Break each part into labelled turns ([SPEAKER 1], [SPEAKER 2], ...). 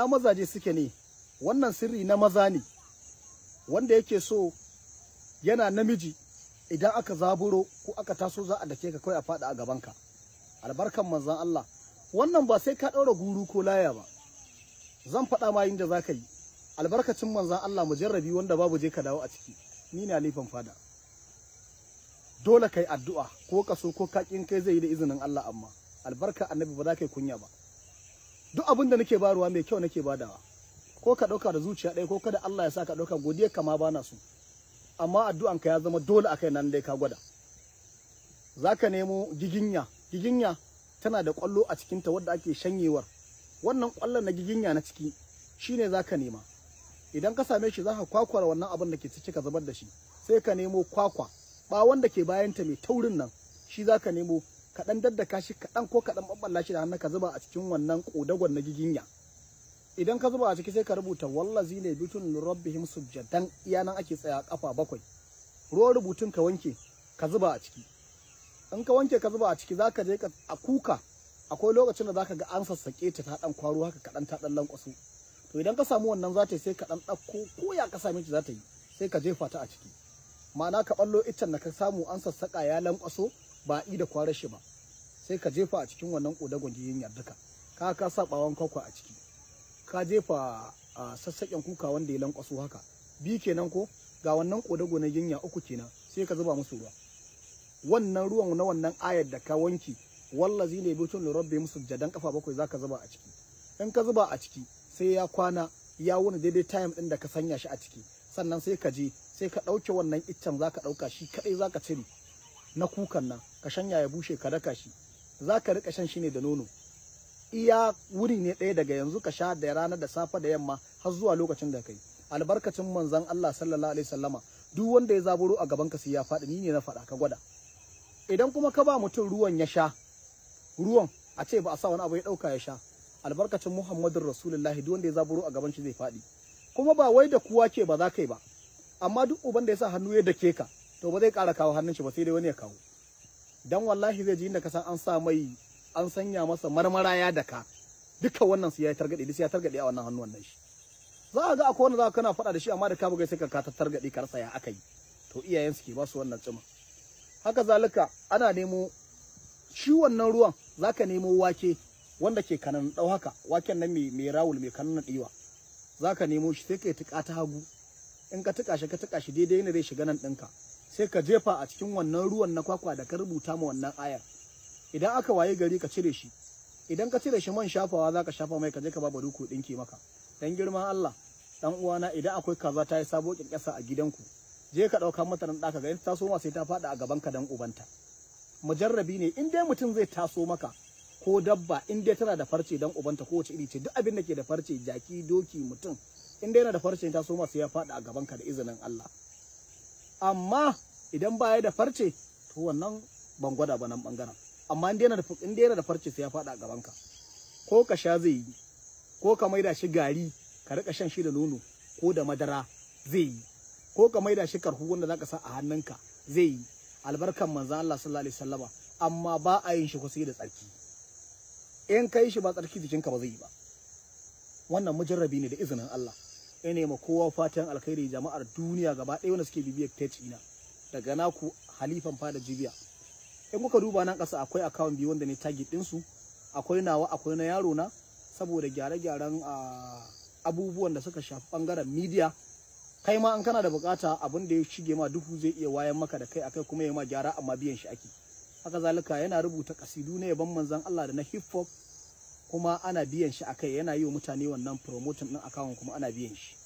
[SPEAKER 1] ya mazaje suke ne wannan sirri na maza ne wanda yake so yana namiji idan aka zaburo ko aka taso za a dake ka kawai a faɗa a ka albarkan manzan Allah wannan ba sai ka ɗaura guru ko laya ba zan faɗa ma inda za ka yi albarkacin manzan Allah mujarrabi wanda babu je ka dawo a ciki ni na nufin fada dole kai addu'a ko kaso ko kakin kai zai yi da izinin Allah amma albarka annabi ba za ka yi kunya ba duk abin da nake bayarwa mai kyau nake badawa ko ka ɗauka da zuciya ɗaya ko kada Allah ya sa ka ɗauka godiya kama bana su amma addu'an ka ya zama dole a kai nan dai ka gwada zaka nemo giginya giginya tana da kwallo a cikin ta wadda ake shanyewar wannan kwallon na giginya na ciki shine za ka nema idan ka same shi zaka kwakwara wannan abin da ke ciki ka zubar da shi sai ka nemo kwakwa ɓawon da ke bayanta mai taurin nan shi za ka nemo kaɗan daddaka shi kaɗan ko kaɗan ɓaɓɓalla shi da hannu ka zuba a cikin wannan ƙodagon na giginya idan ka zuba a ciki sai ka rubuta wallazi ne bitun rabbihim sujjadan iya nan ake tsaya kafa bakwai ruwan rubutun ka wanke ka zuba a ciki in ka wanke ka zuba a ciki zaka je ka a kuka akwai lokacin da zaka ga an sassake ta ta dan kwaro haka kaɗan ta dan lankwaso to idan ka samu wannan za ta sai ka dan ɗauko ko ya ka same ta za ta yi sai ka jefa ta a ciki ma'ana ka ballo iccen da ka samu an sassaka ya lankwaso ba a da kwarar shi ba sai ka jefa a cikin wannan ƙodagon jiyin yarduka ka ka sa bawon kwakwa a ciki ka jefa a sassaƙen kuka wanda ya lankwaso haka bi kenan ko ga wannan ƙodago na jinya uku kenan sai ka zuba musu ruwa wannan ruwan na wannan ayar da ka wanki wallazi ne bitun lurabbi musu jadan kafa bakwai zaka zuba a ciki in ka zuba a ciki sai ya kwana ya wuni daidai time din da ka sanya shi a ciki sannan sai ka je sai ka ɗauke wannan iccen zaka ɗauka shi kaɗai zaka cire na kukan nan ka shanya ya bushe ka raka shi za ka rika shan shi ne da nono iya wuri ne ɗaya daga yanzu ka sha da rana da safe da yamma har zuwa lokacin da kai albarkacin manzon Allah sallallahu alaihi sallama duk wanda ya zaburo a gaban ka sai ya faɗi ni ne na faɗa ka gwada idan kuma ka ba mutum ruwan ya sha ruwan a ce ba a sa wani abu ya ɗauka ya sha albarkacin Muhammadu rasulullahi duk wanda ya zaburo a gaban shi zai faɗi kuma ba wai da kuwa ke ba za ka yi ba amma duk uban da ya sa hannu ya dake ka to ba zai ƙara kawo hannun shi ba sai dai wani ya kawo dan wallahi zai ji inda san an sa mai an sanya masa marmara ya daka duka wannan su ya targade duk ya targade a wannan hannuwan nan shi za ka ga akwai wanda za ka kana faɗa da shi amma da ka buga sai ka ka targade ka rasa ya aka yi to iyayen su ke ba su wannan tsima haka zalika ana nemo shi wannan ruwan za ka nemo wake wanda ke kanan ɗau haka waken nan mai rawul mai kanan ɗiwa za ka nemo shi sai ka yi tuƙa ta hagu in ka tuƙa shi ka tuƙa shi daidai ne zai shiga nan ɗinka sai ka jefa a cikin wannan ruwan na kwakwa da ka rubuta ma wannan ayar idan aka waye gari ka cire shi idan ka cire shi man shafawa za ka shafa mai ka je ka ba baruku dinki maka dan girman Allah dan uwana idan akwai kaza ta yi sabo kirkasa a gidanku je ka ɗauka mata nan ɗaka ga in taso ma sai ta faɗi a gaban ka dan ubanta mujarrabi ne in dai mutum zai taso maka ko dabba in dai tana da farce dan ubanta ko wace iri ce duk abin da ke da farce jaki doki mutum in dai yana da farce ta so ma sai ya faɗi a gaban ka da izinin Allah amma idan ba ya da farce to wannan ban gwada ba nan bangaren amma in yana da in yana da farce sai ya fada gaban ka ko ka sha zai yi ko ka maida shi gari ka rika shan shi da nono ko da madara zai yi ko ka maida shi karhu wanda zaka sa a hannunka zai yi albarkan manzo Allah sallallahu alaihi wasallama amma ba a yin shi sai da tsarki in kai shi ba tsarki jikinka ba zai yi ba wannan mujarrabi ne da izinin Allah ne ma kowa fatan alkhairi jama'ar duniya gaba ɗaya wanda suke bibiyar page ina daga naku halifan fada jibiya in kuka duba nan ƙasa akwai akawun biyu wanda ne target ɗinsu akwai nawa akwai na yaro na saboda gyare-gyaren ah, abubuwan da suka shafi bangaren midiya kai ma an kana da bukata abin da ya shige ma duhu zai iya wayan maka da kai akai kuma ya ma gyara amma biyan shi ake haka zalika yana rubuta kasidu na yaban manzon Allah da na hip hop kuma ana biyan shi akai yana yi wa mutane wannan promotion din account kuma ana biyan shi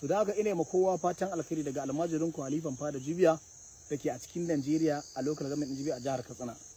[SPEAKER 1] so da haka ina ma kowa fatan alkhairi daga almajirin ku halifan fada jibiya da ke a cikin Najeriya a local government jibiya a jihar Katsina